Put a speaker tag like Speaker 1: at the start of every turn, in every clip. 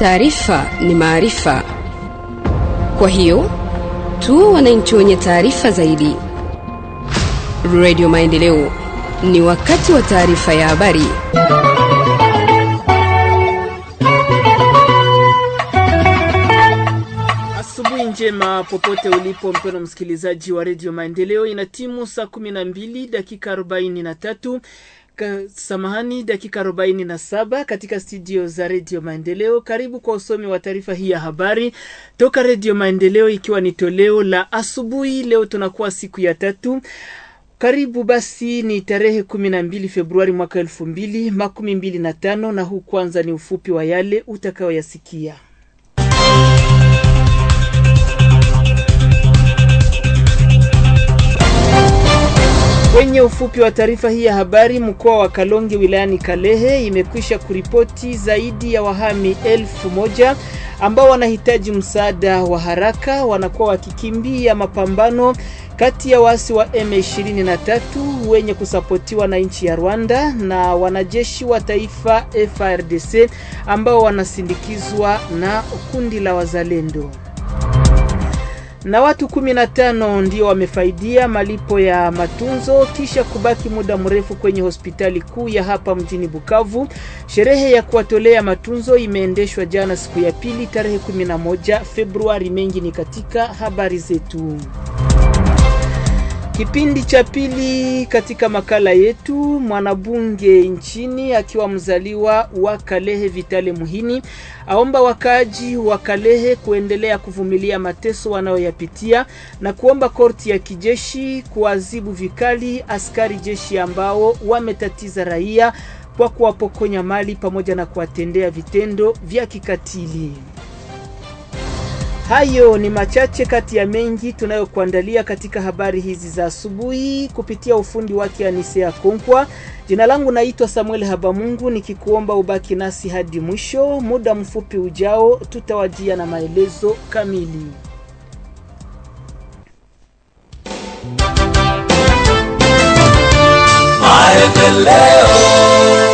Speaker 1: Taarifa ni maarifa, kwa hiyo tu wananchi wenye taarifa zaidi. Radio Maendeleo, ni wakati wa taarifa ya habari.
Speaker 2: Asubuhi njema popote ulipo mpeno msikilizaji wa redio Maendeleo, ina timu saa 12 dakika 43 dakika samahani dakika 47 katika studio za redio Maendeleo. Karibu kwa usomi wa taarifa hii ya habari toka redio Maendeleo, ikiwa ni toleo la asubuhi. Leo tunakuwa siku ya tatu. Karibu basi, ni tarehe 12 Februari mwaka 2025 na huu kwanza ni ufupi wa yale utakayoyasikia. Kwenye ufupi wa taarifa hii ya habari, mkoa wa Kalonge wilayani Kalehe imekwisha kuripoti zaidi ya wahami elfu moja ambao wanahitaji msaada wa haraka, wanakuwa wakikimbia mapambano kati ya waasi wa M23 wenye kusapotiwa na nchi ya Rwanda na wanajeshi wa taifa frdc ambao wanasindikizwa na kundi la wazalendo na watu 15 ndio wamefaidia malipo ya matunzo kisha kubaki muda mrefu kwenye hospitali kuu ya hapa mjini Bukavu. Sherehe ya kuwatolea matunzo imeendeshwa jana siku ya pili tarehe 11 Februari. Mengi ni katika habari zetu. Kipindi cha pili katika makala yetu, mwanabunge nchini akiwa mzaliwa wa Kalehe Vitale Muhini aomba wakaaji wa Kalehe kuendelea kuvumilia mateso wanayoyapitia na kuomba korti ya kijeshi kuadhibu vikali askari jeshi ambao wametatiza raia kwa kuwapokonya mali pamoja na kuwatendea vitendo vya kikatili. Hayo ni machache kati ya mengi tunayokuandalia katika habari hizi za asubuhi kupitia ufundi wake Anisea Konkwa. Jina langu naitwa Samuel Habamungu, nikikuomba ubaki nasi hadi mwisho. Muda mfupi ujao tutawajia na maelezo kamili. Maendeleo.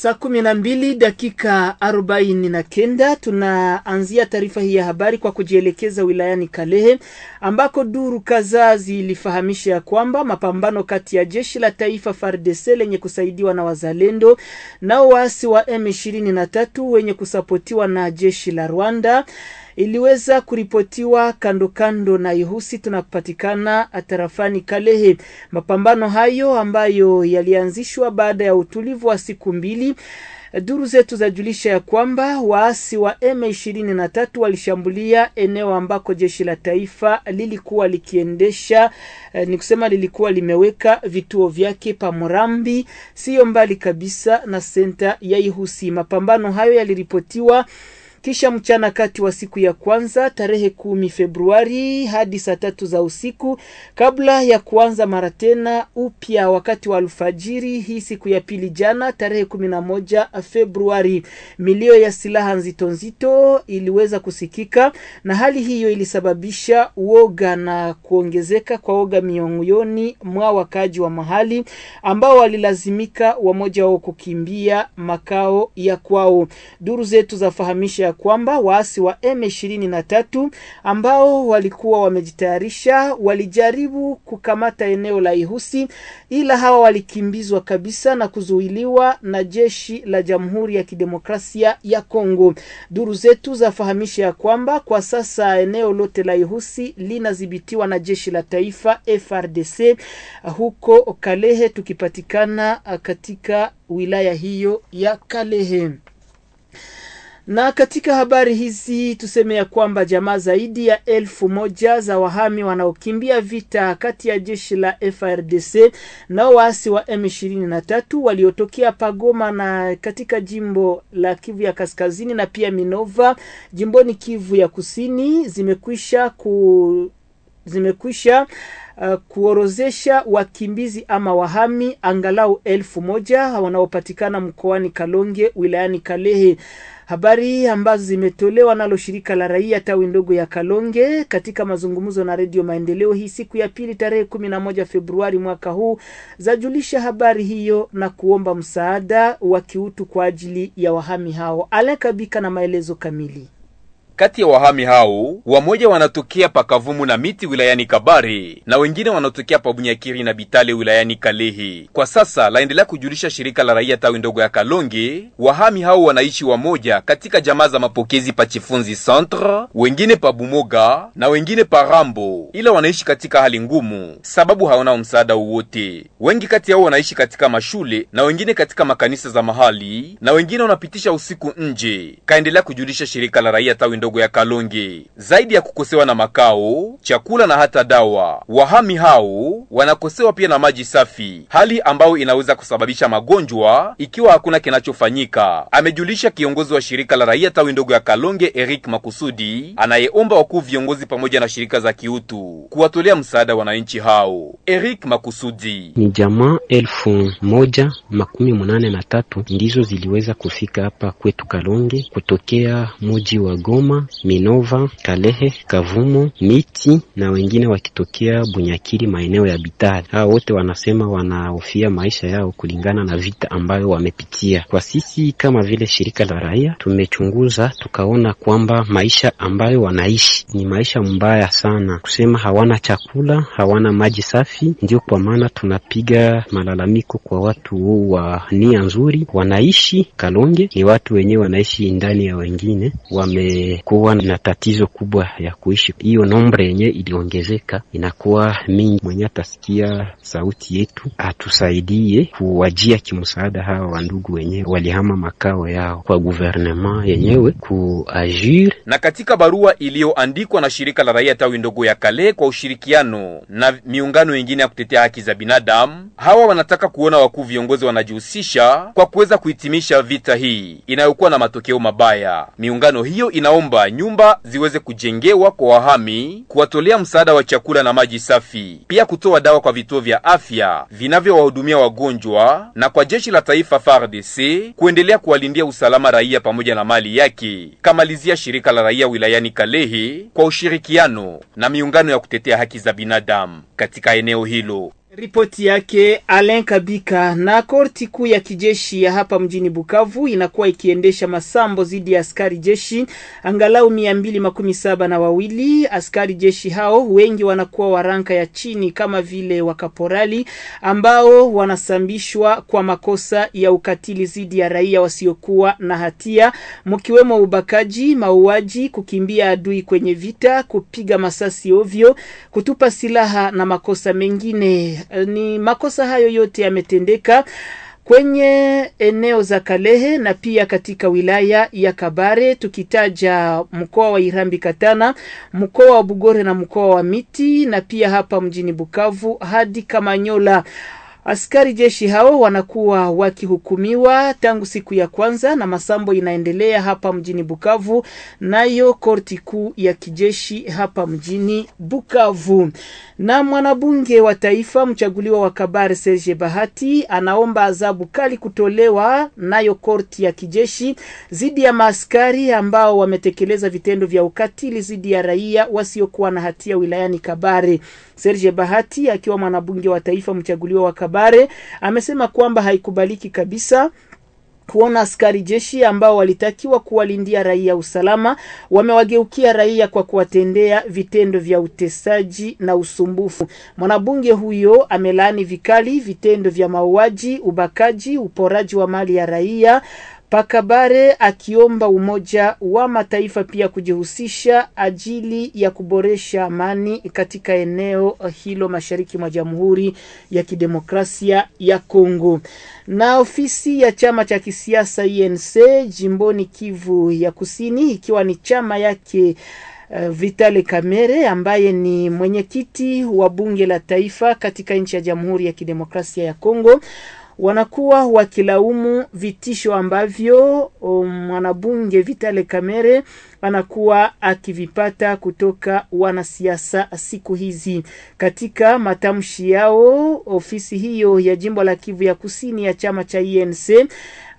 Speaker 2: Saa kumi na mbili dakika arobaini na kenda tunaanzia taarifa hii ya habari kwa kujielekeza wilayani Kalehe ambako duru kadhaa zilifahamisha ya kwamba mapambano kati ya jeshi la taifa FARDC lenye kusaidiwa na wazalendo nao waasi wa M23 wenye kusapotiwa na jeshi la Rwanda iliweza kuripotiwa kando kando na Ihusi tunapatikana tarafani Kalehe. Mapambano hayo ambayo yalianzishwa baada ya utulivu wa siku mbili Duru zetu zajulisha ya kwamba waasi wa M23 walishambulia eneo ambako jeshi la taifa lilikuwa likiendesha eh, ni kusema lilikuwa limeweka vituo vyake pa Morambi, siyo mbali kabisa na senta ya Ihusi. Mapambano hayo yaliripotiwa kisha mchana kati wa siku ya kwanza tarehe kumi Februari hadi saa tatu za usiku kabla ya kuanza mara tena upya wakati wa alfajiri hii siku ya pili jana tarehe kumi na moja Februari. Milio ya silaha nzito nzito iliweza kusikika na hali hiyo ilisababisha uoga na kuongezeka kwa oga miongoni mwa wakaaji wa mahali ambao walilazimika wamoja wao kukimbia makao ya kwao. Duru zetu zafahamisha ya kwamba waasi wa M23 ambao walikuwa wamejitayarisha walijaribu kukamata eneo la Ihusi, ila hawa walikimbizwa kabisa na kuzuiliwa na jeshi la Jamhuri ya Kidemokrasia ya Kongo. Duru zetu zafahamisha ya kwamba kwa sasa eneo lote la Ihusi linadhibitiwa na jeshi la taifa FRDC huko Kalehe, tukipatikana katika wilaya hiyo ya Kalehe. Na katika habari hizi tuseme ya kwamba jamaa zaidi ya elfu moja za wahami wanaokimbia vita kati ya jeshi la frdc na waasi wa M23 waliotokea Pagoma na katika jimbo la Kivu ya Kaskazini na pia Minova jimboni Kivu ya Kusini zimekwisha ku zimekwisha uh, kuorozesha wakimbizi ama wahami angalau elfu moja wanaopatikana mkoani Kalonge wilayani Kalehe. Habari ambazo zimetolewa nalo shirika la raia tawi ndogo ya Kalonge katika mazungumzo na redio Maendeleo hii siku ya pili tarehe 11 Februari mwaka huu zajulisha habari hiyo na kuomba msaada wa kiutu kwa ajili ya wahami hao. Alekabika na maelezo kamili.
Speaker 3: Kati ya wahami hao wamoja wanatokea Pakavumu na Miti wilayani Kabare na wengine wanatokea Pabunyakiri na Bitale wilayani Kalehi. Kwa sasa laendelea kujulisha shirika la raia tawi ndogo ya Kalonge, wahami hao wanaishi wamoja katika jamaa za mapokezi pa Chifunzi Centre, wengine pa Bumoga na wengine pa Rambo, ila wanaishi katika hali ngumu sababu hawana msaada wowote. Wengi kati yao wanaishi katika mashule na wengine katika makanisa za mahali na wengine wanapitisha usiku nje, kaendelea kujulisha shirika la raia tawi ndogo ndogo ya Kalonge. Zaidi ya kukosewa na makao, chakula na hata dawa, wahami hao wanakosewa pia na maji safi, hali ambayo inaweza kusababisha magonjwa ikiwa hakuna kinachofanyika, amejulisha kiongozi wa shirika la raia tawi ndogo ya Kalonge Eric Makusudi, anayeomba wakuu viongozi pamoja na shirika za kiutu kuwatolea msaada wananchi hao. Eric Makusudi:
Speaker 2: ni jamaa elfu moja makumi munane na tatu ndizo ziliweza kufika hapa kwetu Kalonge kutokea muji wa Goma Minova, Kalehe, Kavumo, Miti na wengine wakitokea Bunyakiri, maeneo ya Bitali. Hao wote wanasema wanahofia maisha yao kulingana na vita ambayo wamepitia. Kwa sisi kama vile shirika la raia tumechunguza, tukaona kwamba maisha ambayo wanaishi ni maisha mbaya sana, kusema hawana chakula, hawana maji safi. Ndio kwa maana tunapiga malalamiko kwa watu wa nia nzuri, wanaishi Kalonge, ni watu wenyewe wanaishi ndani ya wengine wame kuwa na tatizo kubwa ya kuishi. Hiyo nombre yenye iliongezeka inakuwa mingi, mwenye atasikia sauti yetu atusaidie kuwajia kimsaada hawa wandugu wenyewe walihama makao yao, kwa guvernema yenyewe kuajir.
Speaker 3: Na katika barua iliyoandikwa na shirika la raia tawi ndogo ya Kale kwa ushirikiano na miungano mingine ya kutetea haki za binadamu, hawa wanataka kuona wakuu viongozi wanajihusisha kwa kuweza kuhitimisha vita hii inayokuwa na matokeo mabaya. Miungano hiyo inaomba kwamba nyumba ziweze kujengewa kwa wahami, kuwatolea msaada wa chakula na maji safi, pia kutoa dawa kwa vituo vya afya vinavyowahudumia wagonjwa na kwa jeshi la taifa FARDC kuendelea kuwalindia usalama raia pamoja na mali yake. Kamalizia shirika la raia wilayani Kalehe kwa ushirikiano na miungano ya kutetea haki za binadamu katika eneo hilo.
Speaker 2: Ripoti yake Alain Kabika. Na korti kuu ya kijeshi ya hapa mjini Bukavu inakuwa ikiendesha masambo dhidi ya askari jeshi angalau mia mbili makumi saba na wawili. Askari jeshi hao wengi wanakuwa wa ranka ya chini kama vile wakaporali, ambao wanasambishwa kwa makosa ya ukatili dhidi ya raia wasiokuwa na hatia, mkiwemo ubakaji, mauaji, kukimbia adui kwenye vita, kupiga masasi ovyo, kutupa silaha na makosa mengine. Eh, ni makosa hayo yote yametendeka kwenye eneo za Kalehe na pia katika wilaya ya Kabare, tukitaja mkoa wa Irambi Katana, mkoa wa Bugore na mkoa wa Miti, na pia hapa mjini Bukavu hadi Kamanyola. Askari jeshi hao wanakuwa wakihukumiwa tangu siku ya kwanza na masambo inaendelea hapa mjini Bukavu, nayo korti kuu ya kijeshi hapa mjini Bukavu. Na mwanabunge wa taifa mchaguliwa wa Kabare Serge Bahati anaomba adhabu kali kutolewa nayo korti ya kijeshi dhidi ya maaskari ambao wametekeleza vitendo vya ukatili dhidi ya raia wasiokuwa na hatia wilayani Kabare. Serge Bahati akiwa mwanabunge wa taifa mchaguliwa wa Kabare amesema kwamba haikubaliki kabisa kuona askari jeshi ambao walitakiwa kuwalindia raia usalama wamewageukia raia kwa kuwatendea vitendo vya utesaji na usumbufu. Mwanabunge huyo amelaani vikali vitendo vya mauaji, ubakaji, uporaji wa mali ya raia Pakabare akiomba Umoja wa Mataifa pia kujihusisha ajili ya kuboresha amani katika eneo hilo mashariki mwa Jamhuri ya Kidemokrasia ya Kongo. Na ofisi ya chama cha kisiasa UNC jimboni Kivu ya Kusini ikiwa ni chama yake Uh, Vitale Kamere ambaye ni mwenyekiti wa bunge la taifa katika nchi ya Jamhuri ya Kidemokrasia ya Kongo wanakuwa wakilaumu vitisho ambavyo um, mwanabunge Vitale Kamere anakuwa akivipata kutoka wanasiasa siku hizi. Katika matamshi yao, ofisi hiyo ya jimbo la Kivu ya Kusini ya chama cha INC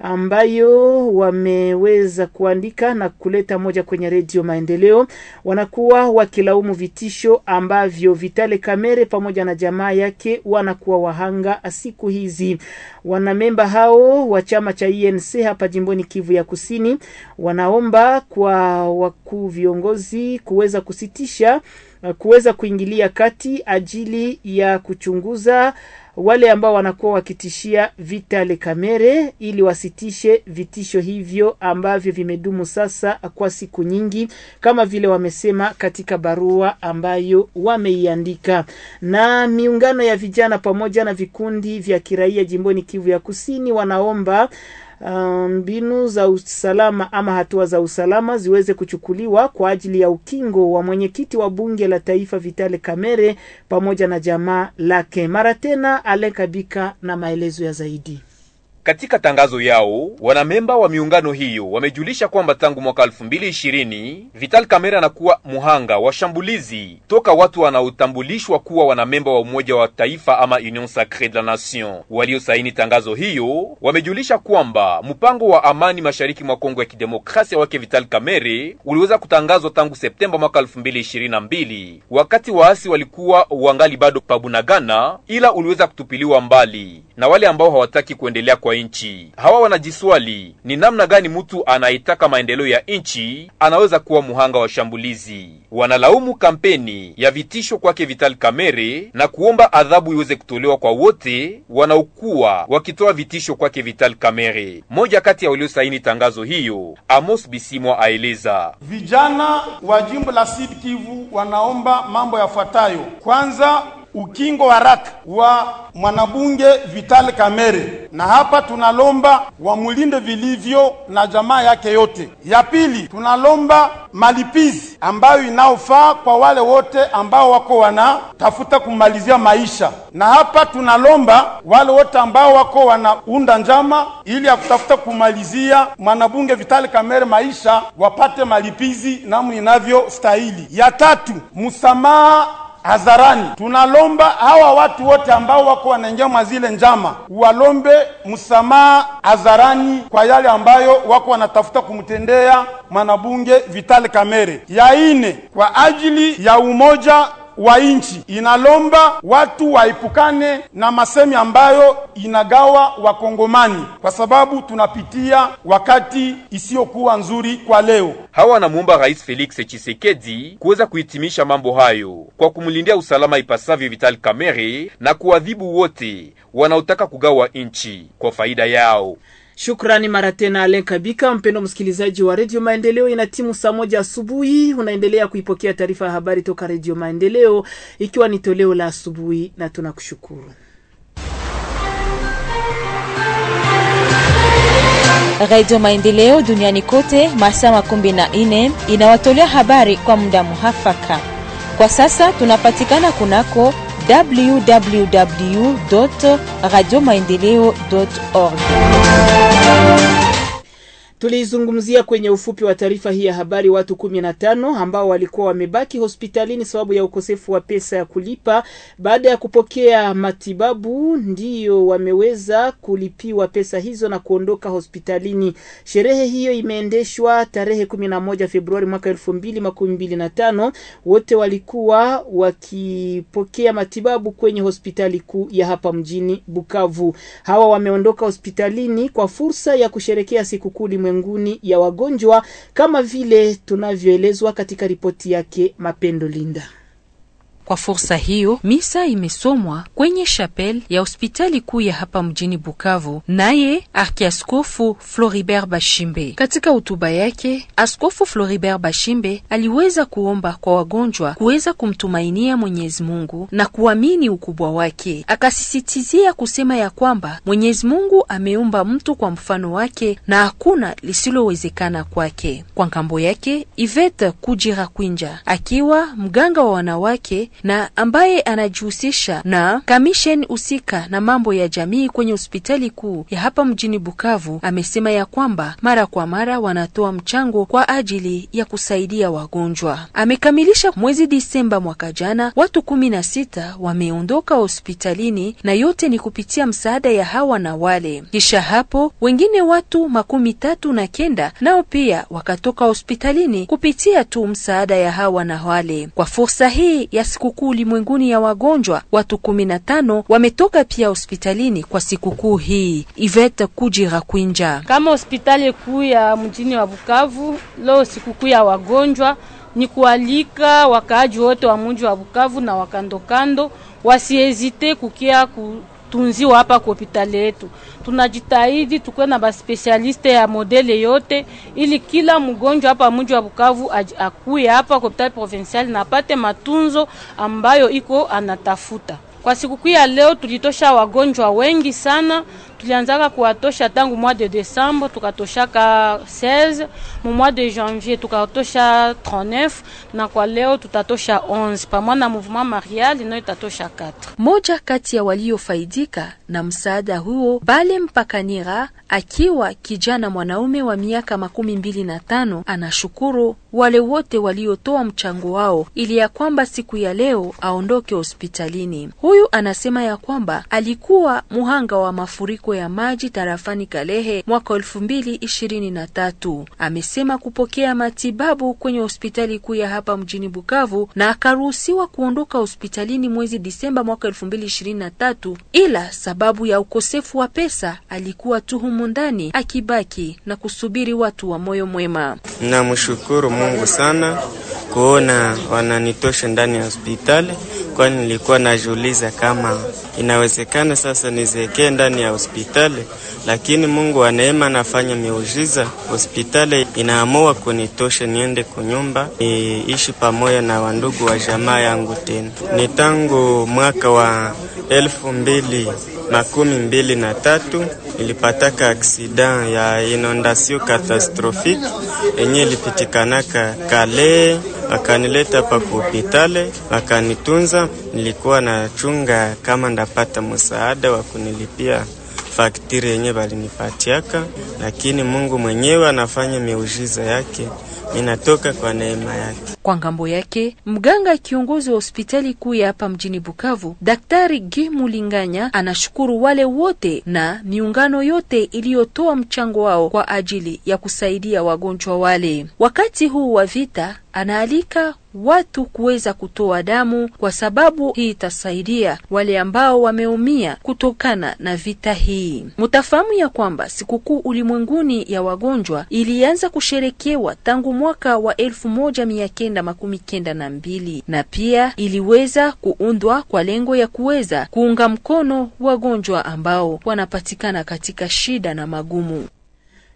Speaker 2: ambayo wameweza kuandika na kuleta moja kwenye redio Maendeleo. Wanakuwa wakilaumu vitisho ambavyo Vitale Kamere pamoja na jamaa yake wanakuwa wahanga siku hizi. Wanamemba hao wa chama cha enc hapa jimboni Kivu ya Kusini wanaomba kwa wakuu viongozi kuweza kusitisha kuweza kuingilia kati ajili ya kuchunguza wale ambao wanakuwa wakitishia le Kamere ili wasitishe vitisho hivyo ambavyo vimedumu sasa kwa siku nyingi, kama vile wamesema katika barua ambayo wameiandika. Na miungano ya vijana pamoja na vikundi vya kiraia jimboni Kivu ya Kusini wanaomba Um, mbinu za usalama ama hatua za usalama ziweze kuchukuliwa kwa ajili ya ukingo wa mwenyekiti wa bunge la taifa Vitale Kamere pamoja na jamaa lake. Mara tena Alen Kabika na maelezo ya zaidi.
Speaker 3: Katika tangazo yao wanamemba wa miungano hiyo wamejulisha kwamba tangu mwaka 2020 Vital Kamerhe anakuwa muhanga wa shambulizi toka watu wanaotambulishwa kuwa wanamemba wa Umoja wa Taifa ama Union Sacree de la Nation. Waliosaini tangazo hiyo wamejulisha kwamba mpango wa amani mashariki mwa Kongo ya Kidemokrasia wake Vital Kamerhe uliweza kutangazwa tangu Septemba mwaka 2022 wakati waasi walikuwa wangali bado pabunagana, ila uliweza kutupiliwa mbali na wale ambao hawataki kuendelea kwa kwa nchi. Hawa wanajiswali ni namna gani mtu anayetaka maendeleo ya nchi anaweza kuwa muhanga wa shambulizi. Wanalaumu kampeni ya vitisho kwake Vital Kamerhe na kuomba adhabu iweze kutolewa kwa wote wanaokuwa wakitoa vitisho kwake Vital Kamerhe. Moja kati ya waliosaini tangazo hiyo, Amos Bisimwa aeleza
Speaker 4: vijana wa jimbo la Sud Kivu wanaomba mambo yafuatayo: kwanza ukingo wa raka wa mwanabunge Vital Kamerhe, na hapa tunalomba wamulinde vilivyo na jamaa yake yote. Ya pili, tunalomba malipizi ambayo inaofaa kwa wale wote ambao wako wanatafuta kumalizia maisha, na hapa tunalomba wale wote ambao wako wanaunda njama ili ya kutafuta kumalizia mwanabunge Vital Kamerhe maisha wapate malipizi namna inavyostahili. Ya tatu, msamaha hadharani. Tunalomba hawa watu wote ambao wako wanaingia mwa zile njama walombe msamaha hadharani kwa yale ambayo wako wanatafuta kumtendea mwanabunge Vital kamere Ya ine, kwa ajili ya umoja wa nchi inalomba watu waepukane na masemi ambayo inagawa wakongomani kwa sababu tunapitia wakati isiyokuwa nzuri kwa leo.
Speaker 3: Hawa wanamuomba Rais Felix Tshisekedi kuweza kuhitimisha mambo hayo kwa kumlindia usalama ipasavyo Vital Kamerhe na kuadhibu wote wanaotaka kugawa nchi kwa faida yao.
Speaker 2: Shukrani mara tena Alen Kabika. Mpendo msikilizaji wa Redio Maendeleo, ina timu saa moja asubuhi, unaendelea kuipokea taarifa ya habari toka Redio Maendeleo, ikiwa ni toleo la asubuhi, na tunakushukuru.
Speaker 1: Redio Maendeleo duniani kote masaa makumi na inawatolea habari kwa muda muhafaka. Kwa sasa tunapatikana kunako www.radiomaendeleo.org.
Speaker 2: Tuliizungumzia kwenye ufupi wa taarifa hii ya habari watu 15 ambao walikuwa wamebaki hospitalini sababu ya ukosefu wa pesa ya kulipa. Baada ya kupokea matibabu, ndiyo wameweza kulipiwa pesa hizo na kuondoka hospitalini. Sherehe hiyo imeendeshwa tarehe 11 Februari mwaka 2025. Wote walikuwa wakipokea matibabu kwenye hospitali kuu ya hapa mjini Bukavu. Hawa wameondoka hospitalini kwa fursa ya kusherekea sikukuu ulimwenguni ya wagonjwa kama vile tunavyoelezwa katika ripoti yake Mapendo Linda.
Speaker 1: Kwa fursa hiyo, misa imesomwa kwenye chapel ya hospitali kuu ya hapa mjini Bukavu, naye arkiaskofu Floribert Bashimbe. Katika hotuba yake, askofu Floribert Bashimbe aliweza kuomba kwa wagonjwa kuweza kumtumainia Mwenyezi Mungu na kuamini ukubwa wake. Akasisitizia kusema ya kwamba Mwenyezi Mungu ameumba mtu kwa mfano wake na hakuna lisilowezekana kwake. Kwa ngambo yake, Ivete Kujira Kwinja akiwa mganga wa wanawake na ambaye anajihusisha na kamisheni husika na mambo ya jamii kwenye hospitali kuu ya hapa mjini Bukavu amesema ya kwamba mara kwa mara wanatoa mchango kwa ajili ya kusaidia wagonjwa. Amekamilisha mwezi Disemba mwaka jana watu kumi na sita wameondoka hospitalini na yote ni kupitia msaada ya hawa na wale. Kisha hapo wengine watu makumi tatu na kenda nao pia wakatoka hospitalini kupitia tu msaada ya hawa na wale. Kwa fursa hii ya siku sikukuu ulimwenguni ya wagonjwa, watu 15 wametoka pia hospitalini kwa sikukuu hii. Ivete Kujira Kwinja, kama hospitali kuu ya mjini wa Bukavu, leo sikukuu ya wagonjwa ni kualika wakaaji wote wa mji wa Bukavu na wakandokando wasiezite kukia ku tunziwa hapa kwa hospitali yetu. Tunajitahidi tukwe na baspesialiste ya modele yote, ili kila mgonjwa hapa mji wa Bukavu akuye hapa kwa hospitali provincial na apate matunzo ambayo iko anatafuta. Kwa sikukuu ya leo tulitosha wagonjwa wengi sana tulianzaka kuwatosha tangu mwa de Desembre, tukatoshaka 16 mu mwa de janvier tukatosha 39 na kwa leo tutatosha 11 pamoja na mouvement marial inayo itatosha 4. Moja kati ya waliofaidika na msaada huo Bale Mpakanira akiwa kijana mwanaume wa miaka makumi mbili na tano anashukuru wale wote waliotoa mchango wao ili ya kwamba siku ya leo aondoke hospitalini. Huyu anasema ya kwamba alikuwa muhanga wa mafuriko mafuriko ya maji tarafani Kalehe mwaka 2023. Amesema kupokea matibabu kwenye hospitali kuu ya hapa mjini Bukavu na akaruhusiwa kuondoka hospitalini mwezi Disemba mwaka 2023, ila sababu ya ukosefu wa pesa alikuwa tu humu ndani akibaki na kusubiri watu wa moyo mwema.
Speaker 4: Namshukuru Mungu sana kuona wananitosha ndani ya hospitali, kwani nilikuwa najiuliza kama inawezekana sasa nizekee ndani ya hospitali hospitali, lakini Mungu wa neema anafanya miujiza. Hospitali inaamua kunitosha niende kunyumba niishi pamoja na wandugu wa jamaa yangu. Tena ni tangu mwaka wa elfu mbili makumi mbili na tatu ilipataka aksida ya inondasio katastrofiki enye ilipitikanaka Kale, wakanileta pa kuhopitale, wakanitunza. Nilikuwa na chunga kama ndapata msaada wa kunilipia faktiri yenye balinipatiaka, lakini Mungu mwenyewe anafanya miujiza yake, minatoka kwa neema yake.
Speaker 1: Kwa ngambo yake mganga kiongozi wa hospitali kuu ya hapa mjini Bukavu, Daktari Gi Mulinganya anashukuru wale wote na miungano yote iliyotoa mchango wao kwa ajili ya kusaidia wagonjwa wale wakati huu wa vita anaalika watu kuweza kutoa damu, kwa sababu hii itasaidia wale ambao wameumia kutokana na vita hii. Mutafahamu ya kwamba sikukuu ulimwenguni ya wagonjwa ilianza kusherekewa tangu mwaka wa elfu moja mia kenda makumi kenda na mbili na pia iliweza kuundwa kwa lengo ya kuweza kuunga mkono wagonjwa ambao wanapatikana katika shida na magumu.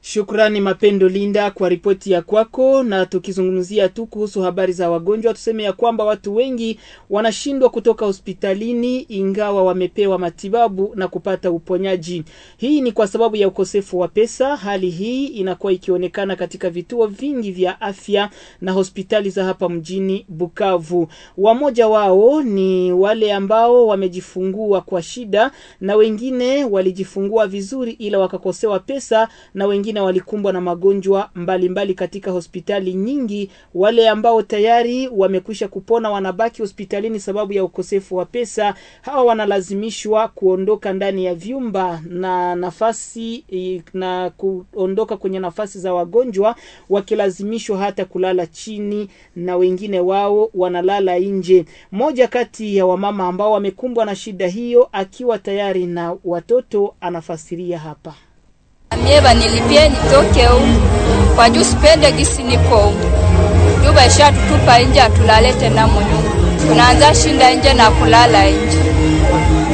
Speaker 2: Shukrani Mapendo Linda kwa ripoti ya kwako. Na tukizungumzia tu kuhusu habari za wagonjwa, tuseme ya kwamba watu wengi wanashindwa kutoka hospitalini ingawa wamepewa matibabu na kupata uponyaji. Hii ni kwa sababu ya ukosefu wa pesa. Hali hii inakuwa ikionekana katika vituo vingi vya afya na hospitali za hapa mjini Bukavu. Wamoja wao ni wale ambao wamejifungua kwa shida na wengine walijifungua vizuri ila wakakosewa pesa na wengine wengine walikumbwa na magonjwa mbalimbali mbali katika hospitali nyingi. Wale ambao tayari wamekwisha kupona wanabaki hospitalini sababu ya ukosefu wa pesa. Hawa wanalazimishwa kuondoka ndani ya vyumba na nafasi na kuondoka kwenye nafasi za wagonjwa, wakilazimishwa hata kulala chini, na wengine wao wanalala nje. Mmoja kati ya wamama ambao wamekumbwa na shida hiyo akiwa tayari na watoto anafasiria hapa.
Speaker 1: Mie banilipie nitoke huko, kwa juu sipende gisi niko huko. Juba isha tutupa nje, atulale tena munyumba, tunaanza shinda nje na kulala nje,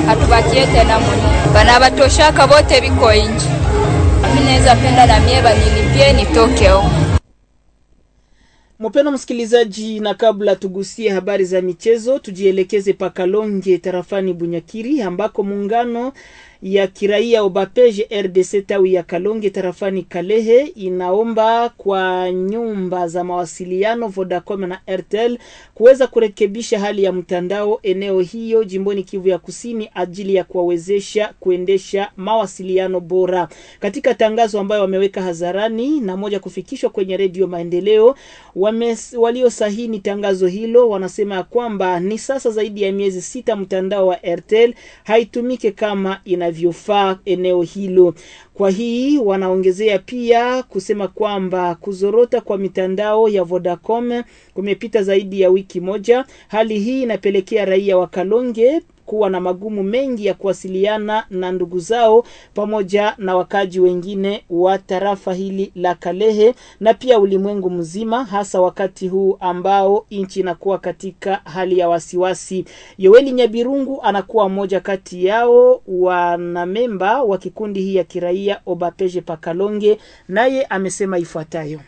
Speaker 1: hatubakie tena munyumba. Bana batoshaka
Speaker 2: bote biko nje, mimi naweza penda na mie banilipie nitoke huko. Mpendwa msikilizaji, na kabla tugusie habari za michezo, tujielekeze pakalonge tarafani Bunyakiri ambako muungano ya kiraia Obapeje RDC tawi ya Kalonge tarafani Kalehe inaomba kwa nyumba za mawasiliano Vodacom na Airtel kuweza kurekebisha hali ya mtandao eneo hiyo jimboni Kivu ya Kusini ajili ya kuwawezesha kuendesha mawasiliano bora. Katika tangazo ambayo wameweka hadharani na moja kufikishwa kwenye redio Maendeleo, waliosahini tangazo hilo wanasema ya kwamba ni sasa zaidi ya miezi sita mtandao wa Airtel haitumike kama ina inavyofaa eneo hilo. Kwa hii wanaongezea pia kusema kwamba kuzorota kwa mitandao ya Vodacom kumepita zaidi ya wiki moja. Hali hii inapelekea raia wa Kalonge kuwa na magumu mengi ya kuwasiliana na ndugu zao pamoja na wakaji wengine wa tarafa hili la Kalehe na pia ulimwengu mzima, hasa wakati huu ambao nchi inakuwa katika hali ya wasiwasi. Yoweli Nyabirungu anakuwa mmoja kati yao wanamemba wa kikundi hii ya kiraia Obapeje Pakalonge, naye amesema ifuatayo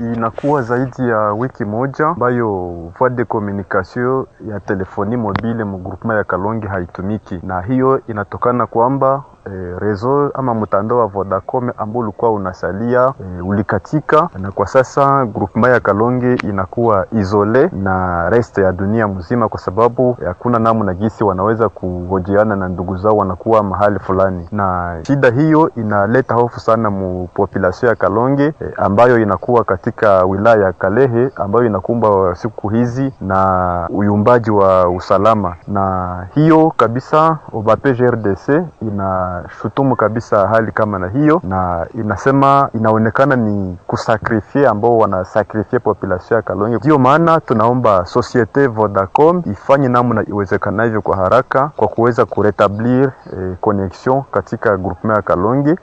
Speaker 5: inakuwa zaidi ya wiki moja ambayo voie de communication ya telefoni mobile mu groupement ya Kalonge haitumiki, na hiyo inatokana kwamba e, eh, rezo ama mtandao wa Vodacom ambao ulikuwa unasalia e, ulikatika, na kwa sasa groupema ya Kalonge inakuwa isole na reste ya dunia mzima, kwa sababu hakuna na gisi wanaweza kuhojiana na ndugu zao, wanakuwa mahali fulani, na shida hiyo inaleta hofu sana mu population ya Kalonge e, ambayo inakuwa katika wilaya ya Kalehe ambayo inakumba siku hizi na uyumbaji wa usalama, na hiyo kabisa OBAPE GRDC ina inashutumu kabisa hali kama na hiyo, na inasema inaonekana ni kusakrifie ambao wanasakrifie population ya Kalonge. Ndiyo maana tunaomba societe Vodacom ifanye namna iwezekanavyo kwa haraka kwa kuweza kuretablir eh, connection katika groupement ya Kalonge.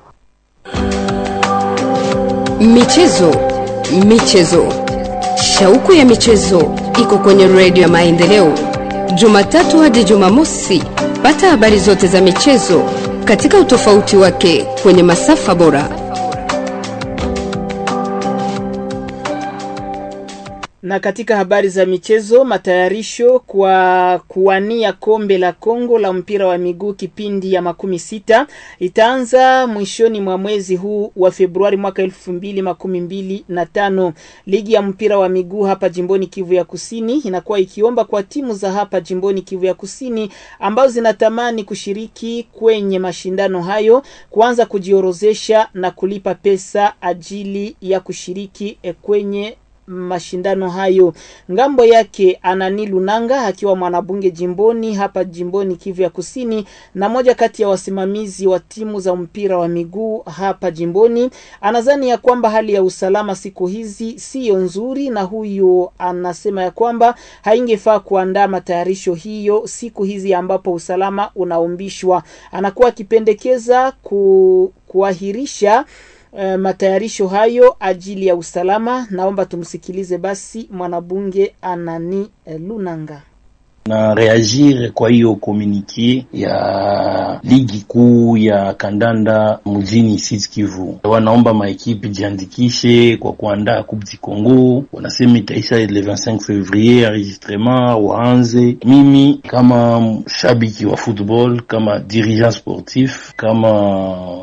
Speaker 6: Michezo,
Speaker 1: michezo, shauku ya michezo iko kwenye redio ya Maendeleo, Jumatatu hadi Jumamosi. Pata habari zote za michezo katika utofauti wake kwenye masafa bora
Speaker 2: Na katika habari za michezo, matayarisho kwa kuwania kombe la Kongo la mpira wa miguu kipindi ya makumi sita itaanza mwishoni mwa mwezi huu wa Februari mwaka elfu mbili makumi mbili na tano. Ligi ya mpira wa miguu hapa jimboni Kivu ya Kusini inakuwa ikiomba kwa timu za hapa jimboni Kivu ya Kusini ambazo zinatamani kushiriki kwenye mashindano hayo kuanza kujiorozesha na kulipa pesa ajili ya kushiriki eh, kwenye mashindano hayo. Ngambo yake Anani Lunanga akiwa mwanabunge jimboni hapa jimboni Kivu ya Kusini na moja kati ya wasimamizi wa timu za mpira wa miguu hapa jimboni, anadhani ya kwamba hali ya usalama siku hizi siyo nzuri, na huyo anasema ya kwamba haingefaa kuandaa matayarisho hiyo siku hizi ambapo usalama unaumbishwa. Anakuwa akipendekeza ku, kuahirisha Eh, matayarisho hayo ajili ya usalama. Naomba tumsikilize basi mwanabunge Anani eh, Lunanga
Speaker 6: na reagir kwa hiyo komunike ya ligi kuu ya kandanda mjini Sud Kivu, wanaomba maekipe jiandikishe kwa kuandaa Coupe du Congo. Wanasema itaisha le 25 fevrier, enregistrement waanze. Mimi kama shabiki wa football, kama dirigeant sportif, kama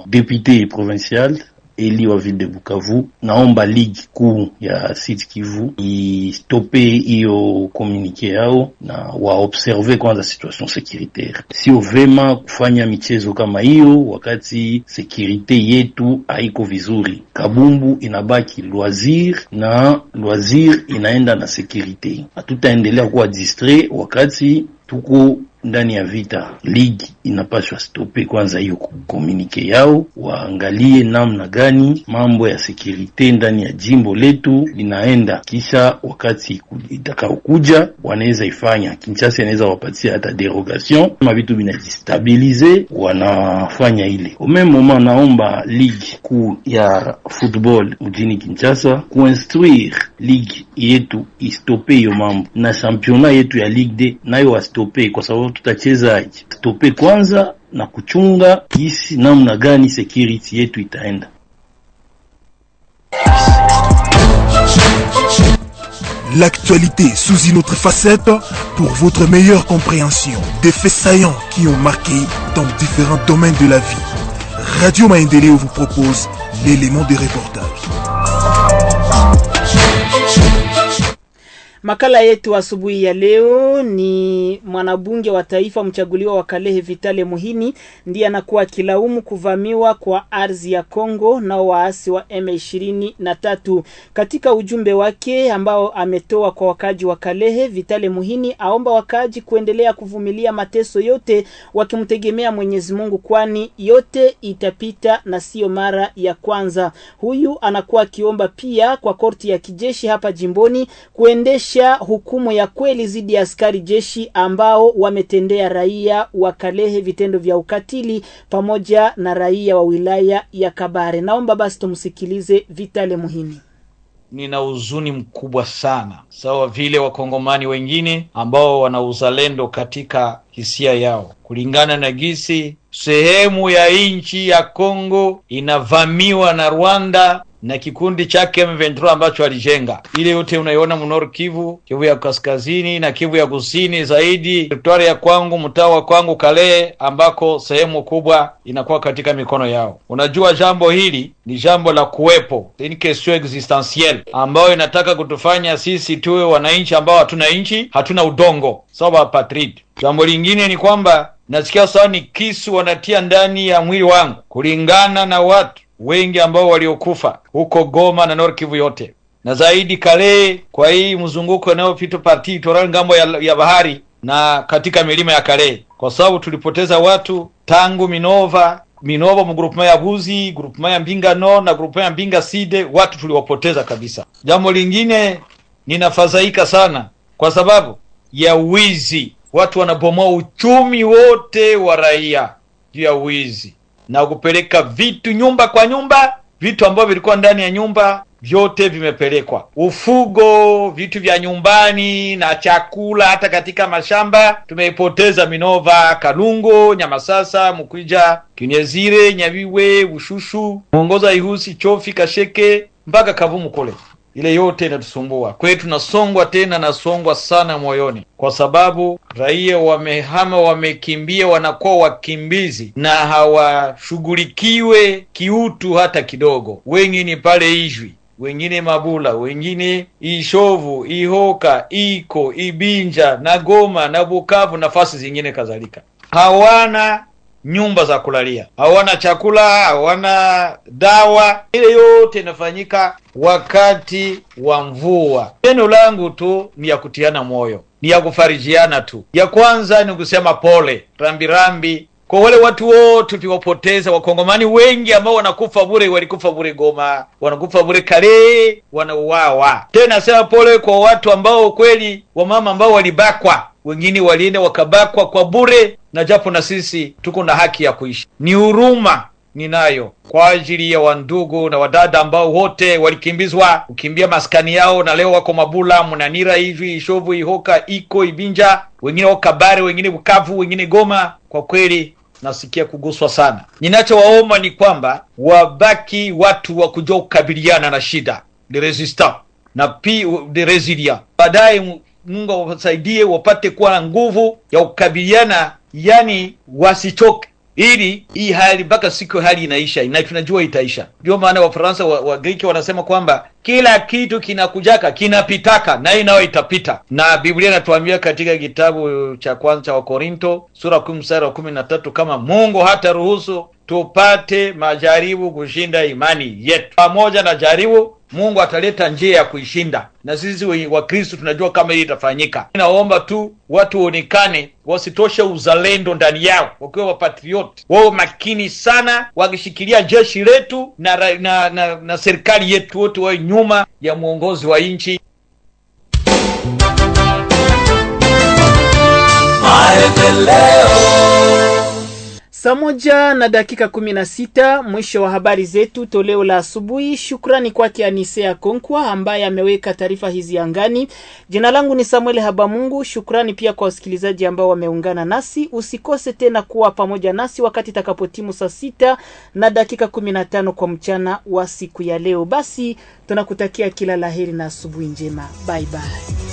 Speaker 6: député provincial eli wa ville de Bukavu, naomba ligi kuu ya Sud Kivu istope hiyo komunike yao na waobserve kwanza situation securitaire. Sio vema kufanya michezo kama hiyo wakati securite yetu haiko vizuri. Kabumbu inabaki loisir na loisir inaenda na securite. Hatutaendelea kuwa distrait wakati tuko ndani ya vita, ligi inapaswa stope kwanza hiyo komunike yao, waangalie namna gani mambo ya sekurite ndani ya jimbo letu linaenda, kisha wakati itakaokuja wanaweza ifanya. Kinshasa inaweza wapatia hata derogation, kama vitu vinajistabilize wanafanya ile omemoma. Naomba ligi kuu ya football mjini Kinshasa kuinstruire ligi yetu istope hiyo mambo, na championa yetu ya Ligue de nayo wastope kwa sababu
Speaker 4: L'actualité sous une autre facette pour votre meilleure compréhension des faits saillants qui ont marqué dans différents domaines de la vie. Radio Maendeleo vous propose l'élément de reportages.
Speaker 2: Makala yetu asubuhi ya leo ni mwanabunge wa taifa mchaguliwa wa Kalehe Vitale Muhini ndiye anakuwa akilaumu kuvamiwa kwa ardhi ya Kongo nao waasi wa M23. Katika ujumbe wake ambao ametoa kwa wakaaji wa Kalehe, Vitale Muhini aomba wakaaji kuendelea kuvumilia mateso yote wakimtegemea Mwenyezi Mungu, kwani yote itapita na sio mara ya kwanza. Huyu anakuwa akiomba pia kwa korti ya kijeshi hapa jimboni kuendesha kufikisha hukumu ya kweli dhidi ya askari jeshi ambao wametendea raia wa Kalehe vitendo vya ukatili pamoja na raia wa wilaya ya Kabare. Naomba basi tumsikilize Vitale Muhini.
Speaker 7: Nina huzuni mkubwa sana sawa vile wakongomani wengine ambao wana uzalendo katika hisia yao, kulingana na gisi sehemu ya nchi ya Kongo inavamiwa na Rwanda na kikundi chake M23 ambacho alijenga. Ile yote unaiona mnor Kivu, Kivu ya kaskazini na Kivu ya kusini, zaidi teritwari ya kwangu, mtaa wa kwangu Kalehe, ambako sehemu kubwa inakuwa katika mikono yao. Unajua, jambo hili ni jambo la kuwepo, ni question existentielle ambayo inataka kutufanya sisi tuwe wananchi ambao hatuna nchi, hatuna udongo sawa, apatridi. Jambo lingine ni kwamba nasikia sawa ni kisu wanatia ndani ya mwili wangu kulingana na watu wengi ambao waliokufa huko Goma na Nord Kivu yote na zaidi Kale, kwa hii mzunguko inayopita parti toral ngambo ya, ya bahari na katika milima ya Kale, kwa sababu tulipoteza watu tangu Minova Minova mgrupema ya Buzi, grupema ya Mbinga no na grupema ya Mbinga Side, watu tuliwapoteza kabisa. Jambo lingine ninafadhaika sana kwa sababu ya wizi, watu wanabomoa uchumi wote wa raia juu ya wizi na kupeleka vitu nyumba kwa nyumba. Vitu ambavyo vilikuwa ndani ya nyumba vyote vimepelekwa, ufugo, vitu vya nyumbani na chakula. Hata katika mashamba tumeipoteza Minova, Kalungo, Nyamasasa, Mukwija, Kinyezire, Nyabiwe, Bushushu, Mwongoza, Ihusi, Chofi, Kasheke mpaka Kavumu kule ile yote inatusumbua. Kwa tunasongwa tena, songwa sana moyoni, kwa sababu raia wamehama, wamekimbia, wanakuwa wakimbizi na hawashughulikiwe kiutu hata kidogo. Wengi ni pale Ijwi, wengine Mabula, wengine Ishovu, Ihoka, Iko, Ibinja na Goma na Bukavu, nafasi zingine kadhalika, hawana nyumba za kulalia, hawana chakula, hawana dawa. Ile yote inafanyika wakati wa mvua. Neno langu tu ni ya kutiana moyo, ni ya kufarijiana tu. Ya kwanza ni kusema pole, rambirambi kwa wale watu wote tuliwapoteza. Wakongomani wengi ambao wanakufa bure, walikufa bure Goma, wanakufa bure Kale, wanauawa tena. Sema pole kwa watu ambao kweli, wamama ambao walibakwa wengine walienda wakabakwa kwa bure, na japo na sisi tuko na haki ya kuishi. Ni huruma ninayo kwa ajili ya wandugu na wadada ambao wote walikimbizwa kukimbia maskani yao, na leo wako Mabula, Munanira hivi Ishovu, Ihoka, Iko, Ibinja, wengine wako Kabare, wengine Bukavu, wengine Goma. Kwa kweli nasikia kuguswa sana. Ninachowaomba ni kwamba wabaki watu wa kujua kukabiliana na shida, de resistant na pi de baadaye Mungu awasaidie wapate kuwa na nguvu ya kukabiliana, yani wasichoke, ili hii hali mpaka siku hali inaisha na tunajua itaisha. Ndio maana Wafaransa wa, griki wanasema kwamba kila kitu kinakujaka kinapitaka na hii nayo itapita, na Biblia inatuambia katika kitabu cha kwanza cha Wakorinto sura kumi mstari wa kumi na tatu kama Mungu hata ruhusu tupate majaribu kushinda imani yetu, pamoja na jaribu Mungu ataleta njia ya kuishinda, na sisi Wakristo tunajua kama hili itafanyika. Naomba tu watu waonekane, wasitoshe uzalendo ndani yao, wakiwa wapatrioti, wawe makini sana, wakishikilia jeshi letu na, na, na, na, na serikali yetu, wote wawe nyuma ya mwongozi wa nchi.
Speaker 2: Saa moja na dakika kumi na sita mwisho wa habari zetu toleo la asubuhi. Shukrani kwake Anisea Konkwa ambaye ameweka taarifa hizi angani. Jina langu ni Samuel Habamungu. Shukrani pia kwa wasikilizaji ambao wameungana nasi. Usikose tena kuwa pamoja nasi wakati itakapotimu saa sita na dakika kumi na tano kwa mchana wa siku ya leo. Basi tunakutakia kila laheri na asubuhi njema. Bye bye.